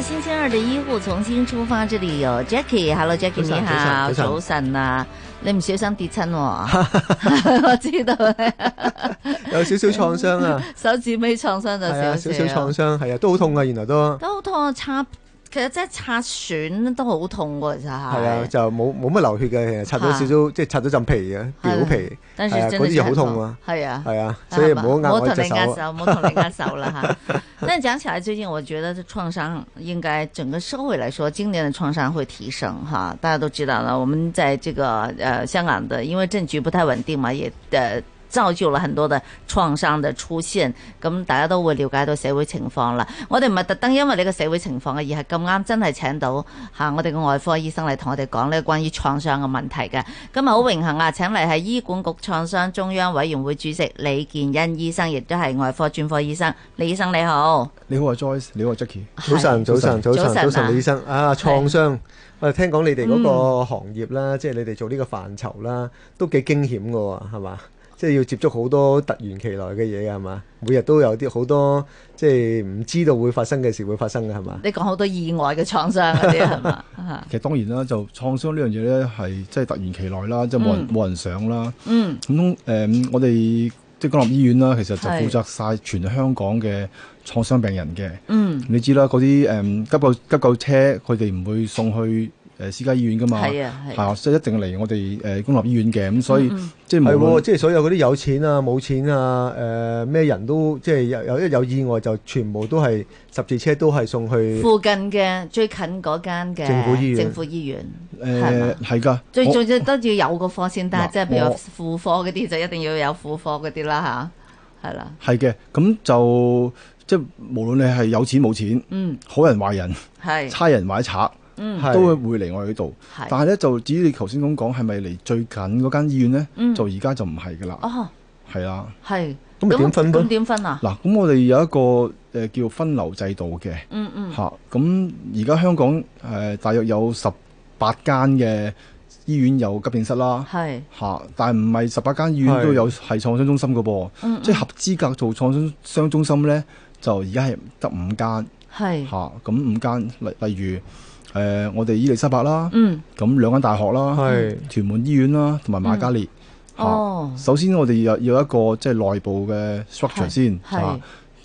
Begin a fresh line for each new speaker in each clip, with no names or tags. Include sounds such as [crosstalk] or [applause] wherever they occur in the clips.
新星期二的醫護重新出發，這裏有 Jackie，Hello，Jackie 你好，早晨啊，你唔小心跌親哦， [laughs] [laughs] 我知道咧，
[laughs] [laughs] 有少少創傷啊，
[laughs] 手指尾創傷就少少， [laughs] 少少創
傷，係啊，都好痛啊，原來都
都好痛啊，插。其實即係擦損都好痛喎、啊，就係。
係啊，就冇冇乜流血嘅，其實擦咗少少、啊，即係擦咗陣皮嘅、啊、表皮，係啊、哎，真係好痛啊。係啊，係啊，所以唔好壓過承受。摩托手，手啦吓。 [laughs] [laughs]
但係講起來，最近我覺得創傷應該整個社會來說，今年的創傷會提升吓，大家都知道啦，我們在這個誒、呃、香港的，因為政局不太穩定嘛，也、呃真係做了很多的創傷嘅出現，咁大家都會了解到社會情況啦。我哋唔係特登因為呢個社會情況嘅，而係咁啱真係請到嚇我哋嘅外科醫生嚟同我哋講呢關於創傷嘅問題嘅。今日好榮幸啊！請嚟係醫管局創傷中央委員會主席李建恩醫生，亦都係外科專科醫生。李醫生你好，
你好 Joyce，你好 Jackie 早晨，早晨，早晨，早晨、啊，李醫生啊！創傷啊，我哋聽講你哋嗰個行業啦、嗯，即係你哋做呢個範疇啦，都幾驚險嘅喎，係嘛？即係要接觸好多突然其來嘅嘢，係嘛？每日都有啲好多即係唔知道會發生嘅事會發生嘅係嘛？
你講好多意外嘅創傷嗰啲係嘛？其
實當然啦，就創傷呢樣嘢咧係即係突然
其來啦，即係冇人冇、嗯、人想啦。嗯。咁、嗯、誒、嗯嗯，我哋即係公立醫院啦、啊，其實就負責晒全香港嘅創傷病人嘅。嗯。你知啦，嗰啲誒急救急救車佢哋唔會送去。誒，私家醫院噶嘛？係啊，係啊，即係、啊啊、一定嚟我哋誒公立醫院嘅，咁、啊、所以、嗯、即係唔係即
係所有嗰啲有錢啊、冇錢啊、誒、呃、咩人都即係有有，一有意外就全部都係十字車都係送去附近
嘅最近嗰間嘅政府醫院。政府醫院
係
係噶，最
最都要有個科先得，、呃，即係譬如婦科嗰啲就一定要有婦科嗰啲啦，吓係啦。
係嘅，咁就即係無論你係有錢冇錢，嗯，好人壞人，
係
差
人或者賊。嗯，都會會嚟我哋呢度，但係呢就至於你頭先咁講係咪嚟最近嗰間醫院呢？嗯、就而家就唔係㗎啦。哦，係啦。
係咁點分？咁點分啊？嗱，
咁我哋有一個誒、呃、叫分流制度嘅。嗯嗯。嚇、啊，咁而家香港誒、呃、大約有十八間嘅醫院有急症室啦。係嚇、啊，但係唔係十八間醫院都有係創傷中心㗎噃、嗯嗯？即係合資格做創傷傷中心呢，就而家係得五間。係嚇，咁、啊、五間例例如。誒、呃，我哋伊利沙伯啦，咁兩間大學啦，屯門醫院啦，同埋瑪嘉烈。
哦，
首先我哋要有一個即係內部嘅 structure 先啊，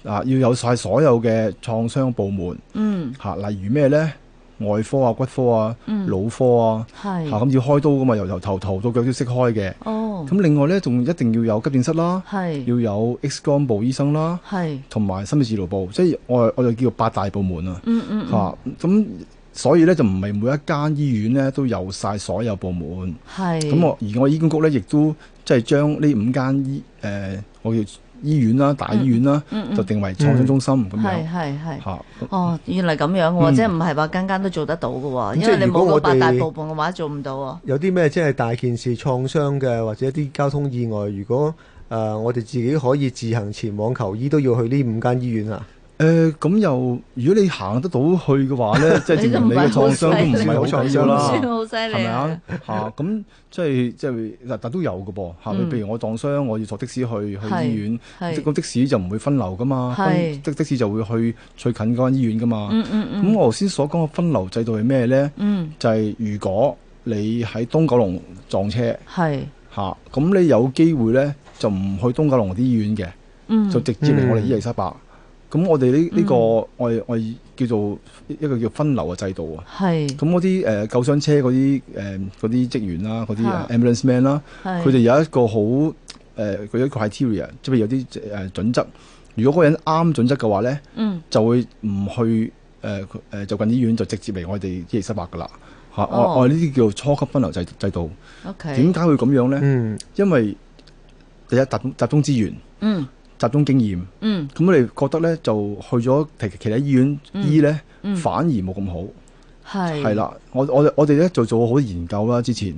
啊，要有晒所有嘅創傷部門。嗯，吓、啊，例如咩呢？外科啊，骨科啊，腦、嗯、科啊，咁、啊、要開刀噶嘛？由由頭頭到腳都識開嘅。哦，咁另外呢，仲一定要有急症室啦，要有 X 光部醫生啦，係同埋心理治療部，即係我我就叫八大部門啊。嗯啊嗯，吓、嗯、咁。嗯所以咧就唔係每一間醫院咧都有晒所有部門。
係。
咁我而
我的醫管局咧亦都即係將呢五間醫誒、呃、我叫醫院啦、大醫院啦、嗯嗯，就定為創傷中心咁、嗯、樣。係係係。
哦，原來咁樣喎、啊嗯，即係唔係話間間都做得到嘅喎？因為你冇我八大部分嘅話，做唔到
啊。有啲咩即係大件事、創傷嘅或者一啲交通意外，如果誒、呃、我哋自己可以自行前往求醫，都要去呢五間醫院啊？誒、呃，咁又如果你行得到去嘅話咧 [laughs] [laughs] [laughs] 是、啊 [laughs] 啊，即係證明你嘅撞傷都唔係好抵啫啦？係咪啊？吓，咁
即係即係嗱，但都有嘅噃咪？譬、啊嗯、如我撞傷，我要坐的士去去醫院，咁的士就唔會分流噶嘛，的的士就會去最近嗰間醫院噶嘛。咁、嗯嗯、我頭先所講嘅分流制度係咩咧？就係、是、如果你喺東九龍撞車，吓，咁、啊、你有機會咧就唔去東九龍啲醫院嘅、嗯，就直接嚟我哋伊利沙伯。嗯嗯咁、嗯、我哋呢呢個我哋我哋叫做一個叫分流嘅制度啊。係。咁嗰啲誒救傷車嗰啲誒啲職員啦、啊，嗰啲、啊、ambulance man 啦、啊，佢哋有一個好誒、呃、一個 criteria，即係有啲誒、呃、準則。如果嗰個人啱準則嘅話咧，嗯，就會唔去誒誒、呃、就近醫院，就直接嚟我哋即係失敗噶啦。嚇、啊哦啊，我我呢啲叫做初級分流制度制度。O K。點解會咁樣咧？嗯，因為第一集中集中資源。嗯。集中經驗，咁我哋覺得咧就去咗其其他醫院醫咧、嗯嗯，反而冇咁好，
係係啦。
我我我哋咧就做咗好多研究啦，之前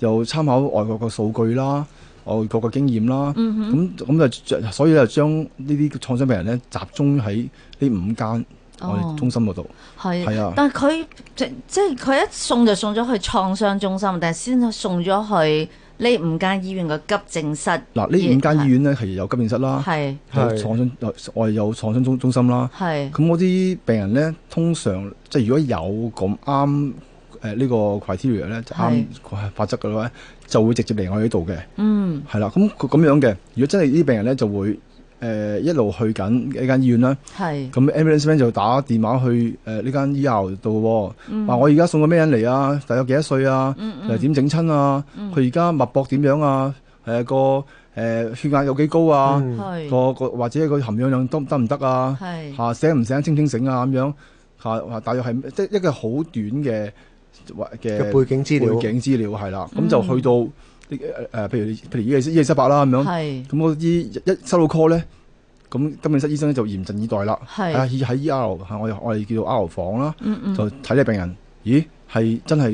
又參考外國個數據啦，外國個經驗啦，咁咁就所以就將呢啲創傷病人咧集中喺呢五間我哋中心嗰度。係
係啊，但係佢即即係佢一送就送咗去創傷中心，定係先送咗去？呢五間醫院嘅急症室，就是，嗱，呢五間醫
院咧係有急症室啦，係創傷我哋有創傷中創傷中，中心啦，係咁，嗰啲病人咧通常即係如果有咁啱誒呢個 criteria 咧啱佢法則嘅話，就會直接嚟我哋呢度嘅，嗯，係啦，咁佢咁樣嘅，如果真係啲病人咧就會。誒、呃、一路去緊呢間醫院啦，係咁 ambulance man 就打電話去誒呢間醫校度，話、呃 ER 嗯、我而家送個咩人嚟啊？大約幾多歲啊？又點整親啊？佢而家脈搏點樣啊？誒個誒血壓有幾高啊？嗯那個個或者個含氧量得唔得唔得啊？嚇、啊、醒唔醒清醒醒啊咁樣嚇話、啊，大約係即係一個好短嘅嘅背景資料，背景資料係啦，咁就去到。嗯誒，譬如你，譬如醫護醫護啦，咁樣，咁醫一收到 call 咧，咁急症室醫生咧就嚴陣以待啦。係喺喺 E.R. 嚇，我我哋叫做 R 房啦、嗯嗯，就睇你病人。咦，係真係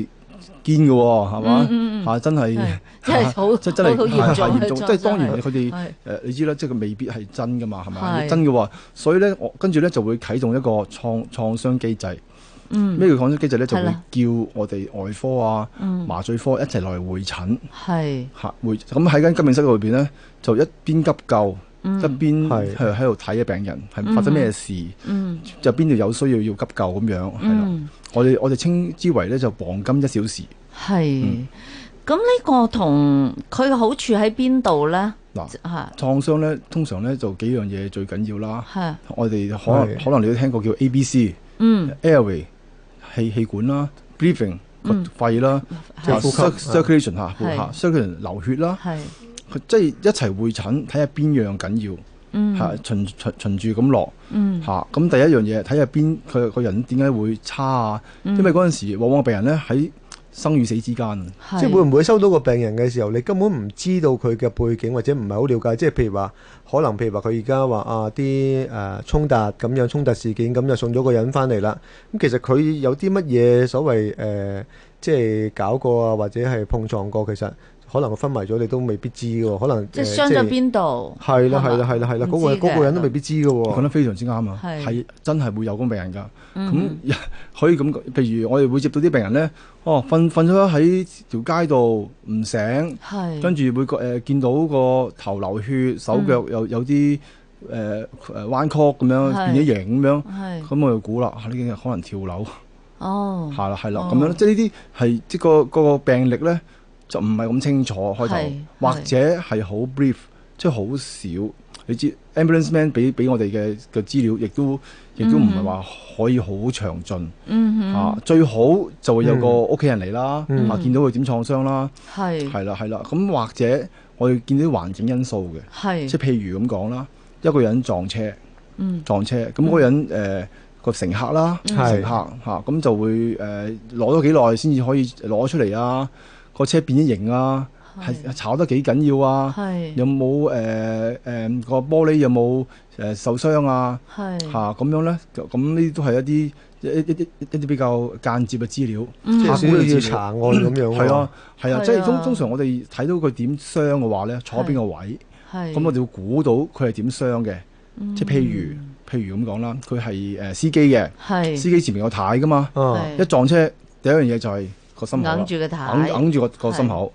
堅嘅喎，係嘛？嚇，真係真係好、啊嗯嗯嗯啊、真係、啊啊、嚴，嚴重，即係當然佢哋誒，你知啦，即係佢未必係真嘅嘛，係嘛？真嘅，所以咧，我跟住咧就會啟動一個創創傷機制。咩叫抗生機制咧？就會叫我哋外科啊、嗯、麻醉科一齊來會診，係吓會咁喺間急症室裏邊咧，就一邊急救，嗯、一邊喺喺度睇嘅病人係發生咩事，嗯、就邊度有需要要急救咁樣，係、嗯、啦。我哋我哋稱之為咧就黃金一小時。
係咁呢個同佢嘅好處喺邊度咧？嗱吓
創傷咧，通常咧就幾樣嘢最緊要啦。
係
我哋可能可能你都聽過叫 A、嗯、B、C，嗯，Airway。氣氣管啦 breathing 個、嗯、肺啦，即呼吸。circulation 呼吸。circulation 流血啦，即係一齊會診，睇下邊樣緊要。嚇、嗯啊，循循循住咁落。咁、嗯啊嗯、第一樣嘢睇下邊佢個人點解會
差啊？因為嗰陣時往往病人咧喺。在生與死之間是，即係會唔會收到個病人嘅時候，你根本唔知道佢嘅背景或者唔係好了解，即係譬如話，可能譬如話佢而家話啊啲誒、呃、衝突咁樣衝突事件樣，咁就送咗個人返嚟啦。咁其實佢有啲乜嘢所謂誒、呃，即係搞過啊，或者係碰撞過，其實。可能佢昏迷咗，你都未必知㗎。可能即係傷咗邊
度？係、呃、啦，係、就、啦、是，係啦，係啦，嗰、
那個人都未必知㗎喎。講得非常之啱啊！係真係會有咁病人㗎。咁、嗯、
可以咁，譬如我哋會接到啲病人咧，哦，瞓瞓咗喺條街度唔醒，跟住會誒、呃、見到個頭流血，手腳又有啲誒誒彎曲咁樣變咗形咁樣，咁我就估啦，呢、啊、啲可能跳樓。哦，
係
啦，係啦，咁、哦、樣即係呢啲係即係個,個病歷咧。就唔係咁清楚開頭，或者係好 brief，即係好少。你知 Ambulance man 俾俾我哋嘅嘅資料也，亦、mm-hmm. 都亦都唔係話可以好詳盡。
嚇、mm-hmm.
啊、最好就會有個屋企人嚟啦，嚇、mm-hmm. 啊 mm-hmm. 見到佢點創傷啦，係係啦係啦。咁或者我哋見到啲環境因素嘅，即係、就是、譬如咁講啦，一個人撞車，mm-hmm. 撞車咁嗰個人誒、mm-hmm. 呃那個乘客啦，mm-hmm. 乘客嚇咁、啊、就會誒攞咗幾耐先至可以攞出嚟啊！個車變咗形啊，係炒得幾緊要啊？有冇誒誒個玻璃有冇誒受傷啊？吓咁、啊、樣咧，咁呢都係一啲一一啲一啲比較間接嘅資料，即係都要查案咁樣。係咯，係啊，即係通通常我哋睇到佢點傷嘅話咧，坐邊個位，咁我哋會估到佢係點傷嘅。
即係譬如、
嗯、譬如咁講啦，佢係誒司機嘅，司機前面有太噶嘛，一撞車第一樣嘢就係、是。個心揞住個頭，揞住個心口。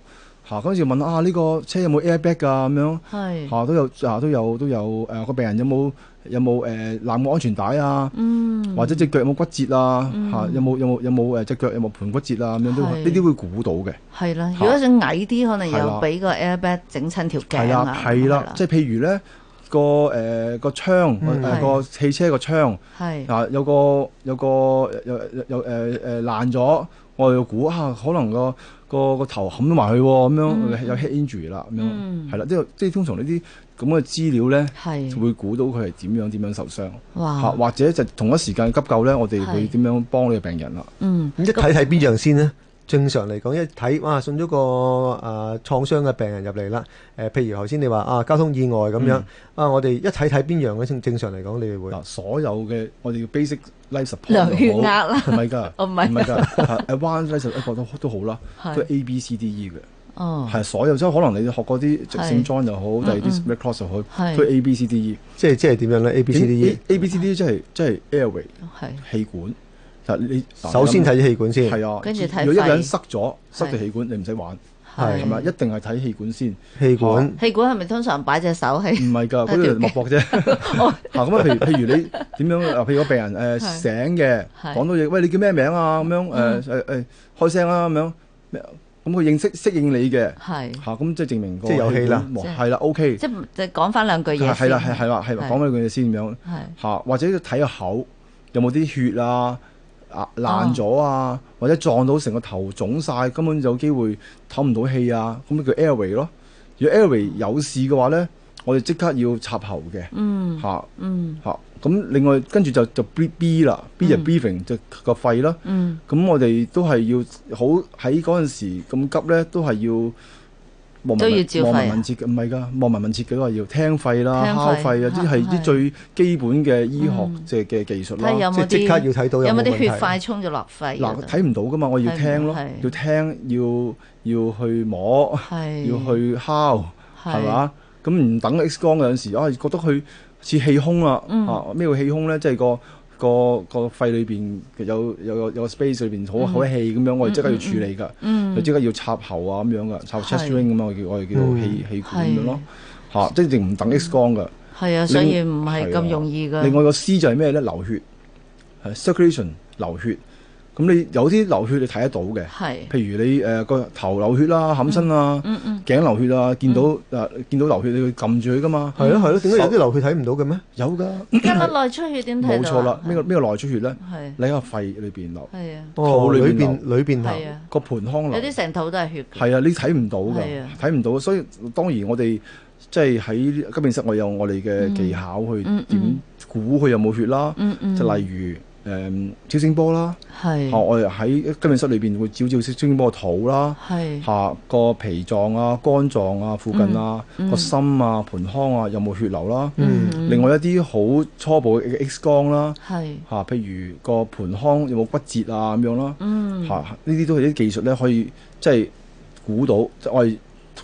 吓，嗰陣時問啊，呢、啊呢個車有冇 airbag 噶、啊？咁樣吓都有，吓、啊、都有，都有。誒、呃，個病人有冇有冇誒爛個安全帶啊？嗯，或者隻腳有冇骨折啊？吓、嗯啊，有冇有冇有冇誒隻腳有冇盆骨折啊？咁樣都呢啲會估到嘅。
係啦，如果想矮啲，可能又俾個 airbag 整親條頸啊。係
啦、啊啊啊啊啊，即係譬如咧個誒、呃、個窗、嗯呃、個汽車個窗係啊有個有個有有誒誒爛咗。我又估啊可能個個個頭冚埋去咁樣，嗯，有 head injury 啦咁樣，係、嗯、啦，即係即係通常呢啲咁嘅資料咧，會估到佢係點樣點樣受傷嚇、啊，或者就同一時間急救咧，我哋會點樣幫
呢個病人啦？
嗯，咁睇睇
邊樣先咧？正常嚟講一睇，哇，送咗個誒創傷嘅病人入嚟啦。誒、呃，譬如頭先你話啊，交通意外咁樣、嗯。啊，我哋一睇睇邊樣嘅正正常嚟講，你哋會啊，所有嘅我哋叫 basic life support，唔唔係
噶，唔係噶，one life support 都 ABCDE 的、oh, 的好好嗯、都好啦、嗯。佢 a, a B C D E、oh, 嘅，哦，係所有即可能你學嗰啲直性裝又好，第二啲 resuscitation 又好，佢 A B C D E，即係即係點樣咧？A B C D E，A B C D 即係即係 airway，係、okay. 氣管。你首先睇啲氣管先，係啊跟住睇，如果一個人塞咗，塞咗氣管，你唔使玩，係咪？一定係睇氣管先，氣管，
氣、啊、管係咪通常擺隻手喺？
唔係噶，嗰啲脈搏啫。吓 [laughs] 咁 [laughs] 啊，譬如譬如你點樣啊？譬如個病人誒、呃、醒嘅，講到嘢，喂，你叫咩名啊？咁樣誒誒誒開聲啦，咁樣，咁、呃、佢、嗯哎哎啊、認識適應你嘅，係吓咁即係證明個、即係、有氣啦，係、啊、啦、即係啊、，OK 即。即
係講翻兩句嘢，係啦係
係話係講翻兩句嘢先咁樣，吓、啊、或者要睇個口有冇啲血啊？啊！爛咗啊，或者撞到成個頭腫晒，根本就有機會唞唔到氣啊！咁咪叫 airway 咯。如果 airway 有事嘅話咧，我哋即刻要插喉嘅、嗯啊啊。嗯。嗯。咁另外跟住就就 brief, B B 啦，B 就 breathing 就個肺啦。嗯。咁、嗯嗯、我哋都係要好喺嗰陣時咁急咧，都係要。都要照望、啊、聞問切唔係㗎，望聞問切佢都要聽肺啦、敲肺啊，啲係啲最基本嘅醫學即係嘅技術啦，即係即刻要睇到有冇有啲、啊、血塊
衝咗落肺？嗱、啊，睇
唔到㗎嘛，我要聽咯，要聽要要去摸，要去敲，係嘛？咁唔等 X 光嗰陣時，我係覺得佢似氣胸啊！啊，咩、啊嗯啊、叫氣胸咧？即、就、係、是、個。個個肺裏邊有有有有 space 裏邊好好氣咁樣，嗯嗯嗯樣，嗯、樣，我哋即刻要處理㗎，就即刻要插喉啊咁樣嘅，插 chest ring 咁樣，我哋叫我哋叫氣、嗯、氣管咁樣咯，嚇、嗯啊，即係唔等 X 光㗎。係、嗯、啊，所以唔係咁容易㗎、啊。另外一個 C 就係咩咧？流血，係 circulation 流血。咁你有啲流血你睇得到嘅，譬如你誒個、呃、頭流血啦、冚身啊、頸流血啊，啊嗯嗯嗯血啊嗯、見到誒、呃、見到流血你會撳住佢噶嘛？係、嗯、啊，係、嗯、咯，點解有啲流血睇唔到嘅咩、嗯？有㗎，咁、嗯、啊內
出血點睇？冇錯啦，
咩個咩個內出血咧？係喺個肺裏邊流，啊、肚裏邊裏邊流，哦面面流，面流啊，個盆腔流。有啲
成肚都係血。
係啊，你睇唔到㗎，睇唔、啊、到。所以當然我哋即係喺急病室，我有我哋嘅技巧去點估佢、嗯嗯嗯、有冇血啦，就、嗯嗯、例如。誒超聲波啦，嚇、啊！我哋喺機器室裏邊會照照超聲波個肚啦，嚇個脾臟啊、肝臟啊、附近啊、個、嗯嗯、心啊、盆腔啊，有冇血流啦？嗯、另外一啲好初步嘅 X 光啦，嚇、啊，譬如個盆腔有冇骨折啊咁樣啦，嚇呢啲都係啲技術咧，可以即係估到我哋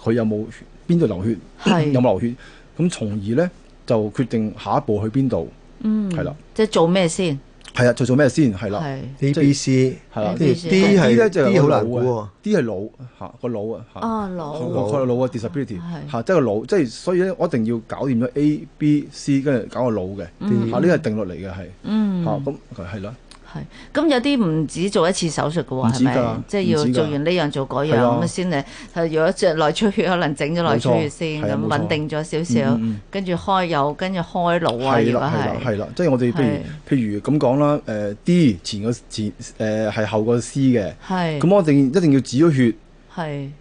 佢有冇邊度流血，有冇流血，咁從而咧就決定下一步去邊度，
係、嗯、啦，即係做咩先？
係、就是、啊，啊，再做咩先？係啦，A、B、C 係啦，D 係 D 咧就 d 好難估喎。D 係腦吓個腦啊，哦、啊、
腦，個
腦個 disability 吓、啊，即係個腦，即、啊、係、就是、所以咧，我一定要搞掂咗 A B, C,、B、嗯、C，跟住搞個腦嘅吓，呢個定律嚟嘅係吓咁係啦。是嗯啊。
係，咁有啲唔止做一次手術嘅喎、哦，係咪？即係要做完呢樣做嗰樣咁先嚟。係如果隻內出血可能整咗內出血先，咁穩定咗少少，跟住開油，跟住開
腦啊，係啦係啦係啦。即係我哋譬如譬如咁講啦，誒、呃、D 前個前係、呃、後個 C 嘅，咁我哋一定要止咗血，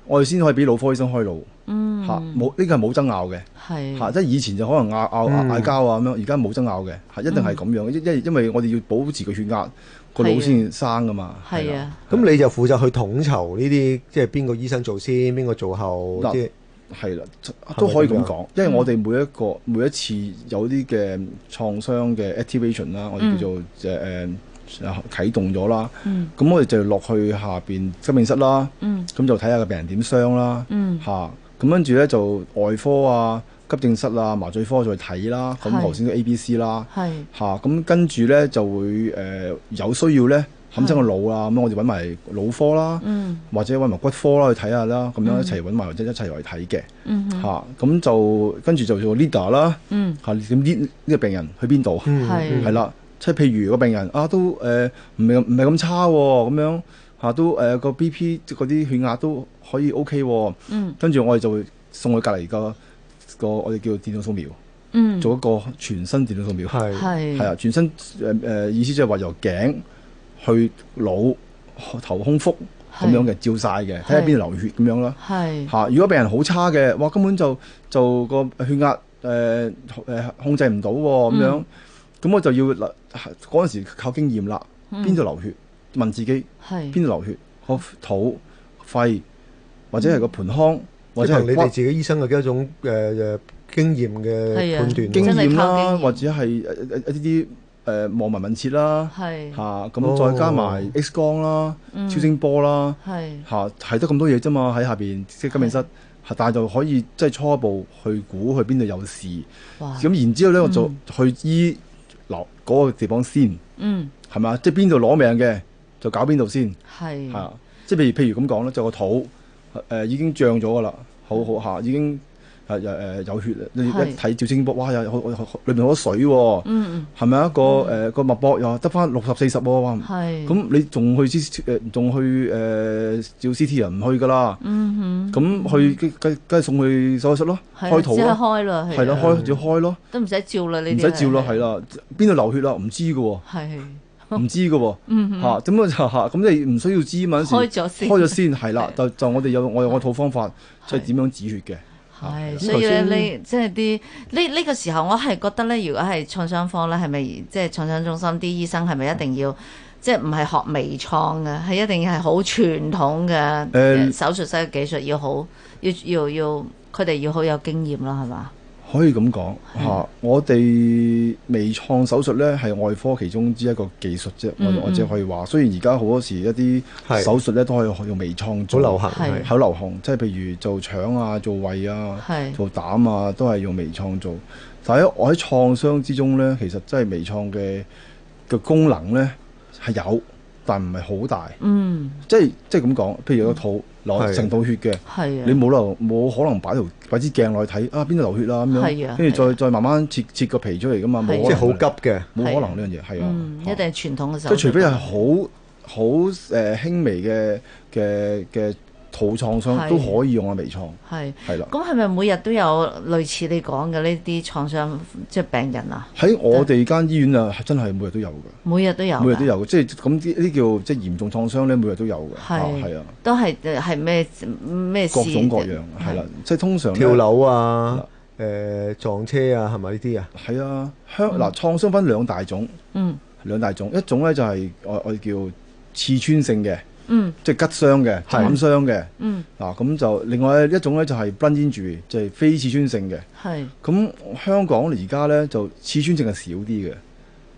我哋先可以俾腦科醫生開腦。嗯，吓，冇呢個係冇爭拗嘅，係吓、啊、即係以前就可能嗌嗌嗌交啊咁、啊、樣，而家冇爭拗嘅，吓一定係咁樣，因因為我哋要保持個血壓，個腦先
生噶嘛，係啊，咁你就負責去統籌呢啲，即係邊個醫生先做先，邊個做後，即係啦，都可以咁講、啊，因為我哋每一個每一次有啲
嘅創傷嘅 activation 啦、嗯，我哋叫做誒誒啟動咗啦，咁、嗯、我哋就落去下邊急症室啦，咁、嗯、就睇下個病人點傷啦，吓、嗯。啊咁跟住咧就外科啊、急症室啊、麻醉科再睇啦。咁頭先都 A、B、C
啦，
咁、啊、跟住咧就會、呃、有需要咧，冚親個腦啦。咁我哋搵埋腦科啦，嗯、或者搵埋骨科啦去睇下啦。咁、嗯、樣一齊搵埋或者一齊去睇嘅，咁就跟住就做 leader 啦。咁、嗯、呢？呢、啊、個病人去邊度？係啦。即係譬如個病人啊，都唔係唔係咁差喎、哦。咁樣、啊、都誒個、呃、B.P. 即嗰啲血壓都，可以 O K 喎，跟、嗯、住我哋就會送去隔籬個個我哋叫電腦掃描，做一個全身電腦掃描，係係啊，全身誒誒、呃、意思就係話由頸去腦、頭胸、胸、腹咁樣嘅照晒嘅，睇下邊度流血咁樣啦，係嚇、啊。如果病人好差嘅，哇根本就就個血壓誒誒、呃、控制唔到喎咁樣，咁我就要嗰陣時靠經驗啦，邊、嗯、度流血問自己，邊度流血，好，肚肺。或者係個盆腔，或者係你哋自己醫生嘅一種誒經驗嘅判斷，經驗啦，或者係一啲啲誒望聞問切啦，吓咁、呃呃啊、再加埋 X 光啦、哦、超聲波啦，吓、嗯、係、啊、得咁多嘢啫嘛，喺下邊即係急診室，但係就可以即係、就是、初步去估去邊度有事，咁然之後咧我就去醫嗱、嗯、嗰、那個地方先，係、嗯、咪，即係邊度攞命嘅就搞邊度先，吓、啊、即係譬如譬如咁講啦，就個、是、肚。誒、呃，已經漲咗噶啦，好好吓，已經誒、呃呃呃、有血啦，你一睇照清波，哇，有、呃、好，裏面好多水、哦，嗯是嗯，係咪一個誒個脈搏又得翻六十四十係，咁、
嗯嗯、
你仲去 C T，誒仲去誒照 C T 又唔去噶啦，咁去梗係送去手術室咯，啊、開肚咯，係啦開、啊啊啊、要開咯，
都唔使照啦你唔使照啦
係啦，邊度、啊、流血啦唔知噶喎、哦，係。唔知㗎喎、啊，嚇、 [laughs] 嗯，咁我就嚇，咁、啊、你唔需要知，嘛，先開咗先，開咗先，係啦， [laughs] 就就我哋有我有我套方法，即係點樣止血嘅。係、 [laughs] 啊，所以
咧，你、嗯、即係啲呢呢個時候，我係覺得咧，如果係創傷科咧，係咪即係創傷中心啲醫生係咪一定要即係唔係學微創嘅，係一定要係好傳統嘅手術室嘅技術要好，嗯、要要要佢哋要好有經驗啦，係嘛？
可以咁講、啊、我哋微創手術呢係外科其中之一個技術啫，我、嗯、我只可以話。雖然而家好多時一啲手術呢都可以用微創做，好流行，好流行。即係譬如做腸啊、做胃啊、做膽啊，都係用微創做。但喺我喺創傷之中呢，其實真係微創嘅嘅功能呢係有，但唔係好大。
嗯，
即係即係咁講，譬如有個肚。嗯流程度、啊、血嘅、啊,你冇冇可能擺條，擺支鏡落去睇啊邊度流血啦，咁樣跟住再、啊、再慢慢切切個皮出嚟噶嘛，即係好急嘅，冇可能呢樣嘢啊，啊，啊、嗯，一
定係傳統嘅時候。即、啊、除非係
好好輕微嘅嘅嘅。好創傷都可以用阿微創，係係啦。咁
係咪每日都有類似你講嘅呢啲創傷即係，就是，病人
啊？喺我哋間醫院啊，真係每日都有嘅。
每日都有，每日都
有，每日都有。即係咁啲呢啲叫
即係嚴重創傷咧，每日都有嘅。係係啊，
都係係咩咩各種各樣
啊，係啦，即係，就是，通常跳樓啊、誒、呃、撞車啊，係咪呢啲啊？係啊，
香嗱、嗯、創傷分兩大種，嗯，兩大種，一種咧就係，是，我我叫刺穿性嘅。嗯，即係拮傷嘅、斬傷嘅，嗱、嗯、咁、啊、就另外一種咧，就係 blunt 住，即、就、係、是、非刺穿性嘅。係咁、嗯、香港而家咧就刺穿性係少啲嘅，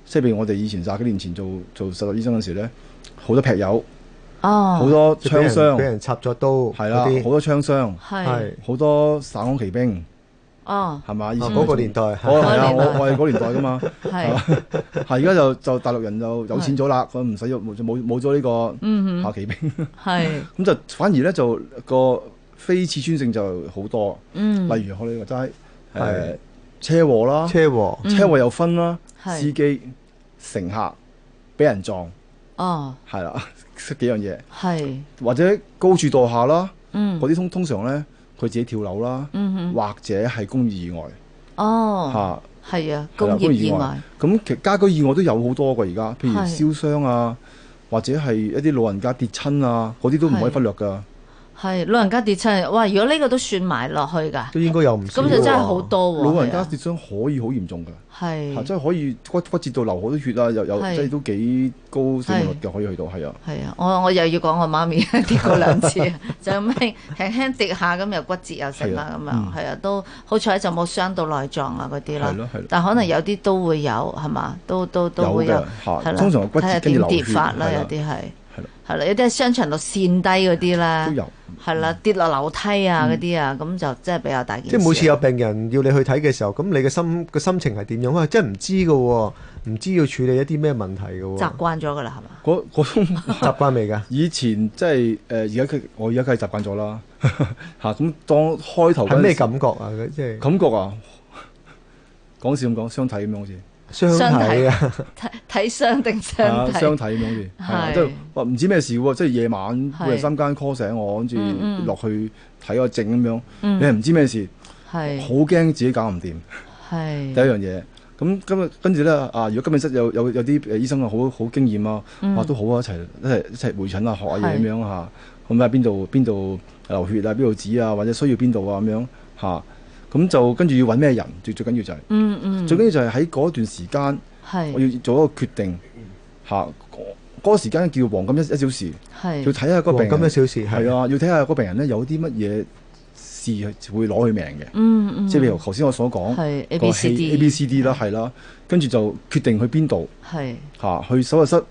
即係譬如我哋以前廿幾年前做做實習醫生嗰時咧，好多劈友，
好多槍傷，俾
人插咗刀，係啦，好多槍傷，係好多省港旗兵。哦，係嘛？嗰、哦那個年代，我係啊，我我係嗰年代噶嘛。係 [laughs] 是的，係而家就就大陸人就有錢咗啦，佢唔使冇冇咗呢個下棋兵。係、嗯，咁 [laughs] 就反而咧就個非刺穿性就好多。嗯，例如我哋話齋，誒、呃、車禍啦，車禍，車禍又分啦，嗯、司機、乘客俾人撞。哦，係啦，識幾樣嘢。係，或者高處墮下啦。嗯，嗰啲通通常咧。佢自己跳樓啦，嗯、哼或者係工業意外。哦，
吓、啊？係啊，工業意外。
咁其實家居意外都有好多㗎，而家譬如燒傷啊，是或者係一啲老人家跌親啊，嗰啲都唔可以忽略噶。
係老人家跌親，哇！如果呢個都算埋落去㗎，都
應該有唔少就真係好多、啊啊啊、老人家跌傷可以好嚴重㗎，
係真係
可以骨骨折到流好多血啊！又又、啊啊、即係都幾高死亡率嘅，可以去到係啊。係啊，
我我又要講我媽咪
跌過兩次，
[laughs] 就咁輕輕跌下咁，又骨折又成啦咁啊，係、嗯、啊，都好彩就冇傷到內臟那些啊嗰啲啦。但可能有啲都會有係嘛，都都都會有。嚇、啊啊，通常骨折點跌法啦、啊，有啲係。有啲喺商場度跣低嗰啲啦，都有。係啦，跌落樓梯啊嗰啲啊，咁、嗯、就即係比較大件事。即係每次有
病人要你去睇嘅時候，咁你嘅心個心情係點樣啊？即係唔知嘅，唔知要處理一啲咩問題嘅。習
慣咗嘅啦，係嘛？
嗰嗰種 [laughs] 習慣未㗎？以前即係誒，而、呃、家我而家梗係習慣咗啦。嚇！咁
當開頭係咩感覺啊？即係、就是、感覺啊？講笑咁講，相睇咁樣好似。相睇啊，睇
睇相定相睇？ [laughs] 相睇咁樣。係即係
話唔知咩事喎，即係夜晚半夜三更 call 醒我，跟住落去睇個症咁、嗯嗯、樣。你係唔知咩事，
好
驚自己搞唔掂。係第一樣嘢。咁今日跟住咧啊，如果今日室有有有啲醫生啊，好好經驗、嗯、啊，話都好啊，一齊一齊一齊會診啊，學下嘢咁樣嚇。咁喺邊度邊度流血啊，邊度止啊，或者需要邊度啊咁樣嚇。啊咁就跟住要揾咩人，最最緊要就係、係嗯嗯，最緊要就係喺嗰段時間，我要做一個決定，嗰、啊嗰個嗰個時間叫黃金一一小時，要睇下個病金一小時，係啊，啊，要睇下個病人咧有啲乜嘢事會攞佢命嘅，嗯嗯，即係譬如頭先我所講、嗰個 A B C D 啦，係啦、啊，跟住、啊、就決定去邊度、啊，去手術室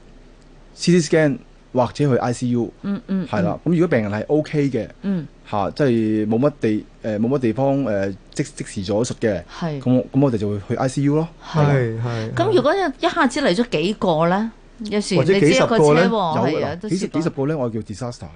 C T scan 或者去 I C U，嗯嗯，
係、嗯、啦，咁、啊
嗯嗯、如果病人係 O K 嘅，嗯。嚇、啊，即係冇乜地，誒冇乜地方，誒、呃、即即時做咗手術嘅。係。咁咁，我哋就會去 I C U 咯。係係。咁如果
一下子嚟咗幾個咧，有時你即係個車有幾十
幾十個咧，我叫 disaster，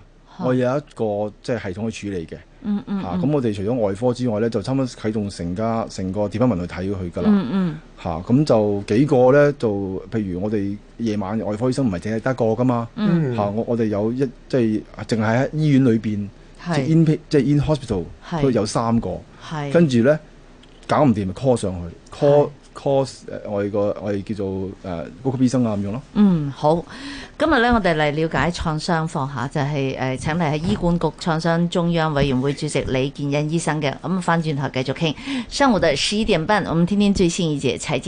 我有一個即係系統去處理嘅。嗯嗯。嚇、啊，咁我哋除咗外科之外咧，就差唔多啟動成家成個 department 去睇佢㗎啦。嗯嗯。嚇、啊，咁就幾個咧，就譬如我哋夜晚外科醫生唔係淨係得一個㗎嘛。嗯。啊、我我哋有一即係淨係喺醫院裏邊。即係 in 即係、就是、in hospital，佢有三個係跟住咧搞唔掂咪 call 上去，call call 誒、呃、我哋個我哋叫做誒高級醫生啊咁樣咯。嗯，好，
今日咧我哋嚟了解創傷科吓，就係、是、誒、呃、請嚟係醫管局創傷中央委員會主席李
建恩醫生嘅。咁翻轉頭繼續傾上午的十一點半，我們天天最新一節財經。